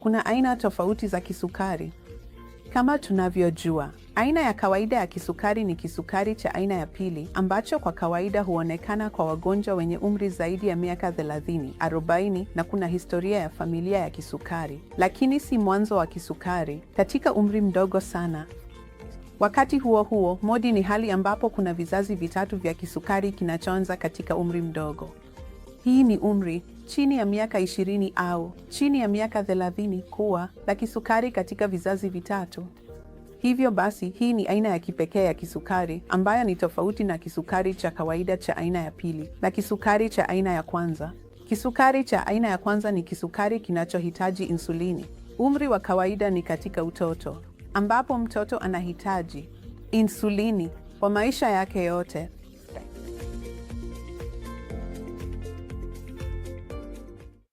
kuna aina tofauti za kisukari. Kama tunavyojua, aina ya kawaida ya kisukari ni kisukari cha aina ya pili ambacho kwa kawaida huonekana kwa wagonjwa wenye umri zaidi ya miaka 30, 40 na kuna historia ya familia ya kisukari, lakini si mwanzo wa kisukari katika umri mdogo sana. Wakati huo huo, modi ni hali ambapo kuna vizazi vitatu vya kisukari kinachoanza katika umri mdogo. Hii ni umri chini ya miaka ishirini au chini ya miaka thelathini kuwa la kisukari katika vizazi vitatu. Hivyo basi, hii ni aina ya kipekee ya kisukari ambayo ni tofauti na kisukari cha kawaida cha aina ya pili na kisukari cha aina ya kwanza. Kisukari cha aina ya kwanza ni kisukari kinachohitaji insulini. Umri wa kawaida ni katika utoto, ambapo mtoto anahitaji insulini kwa maisha yake yote.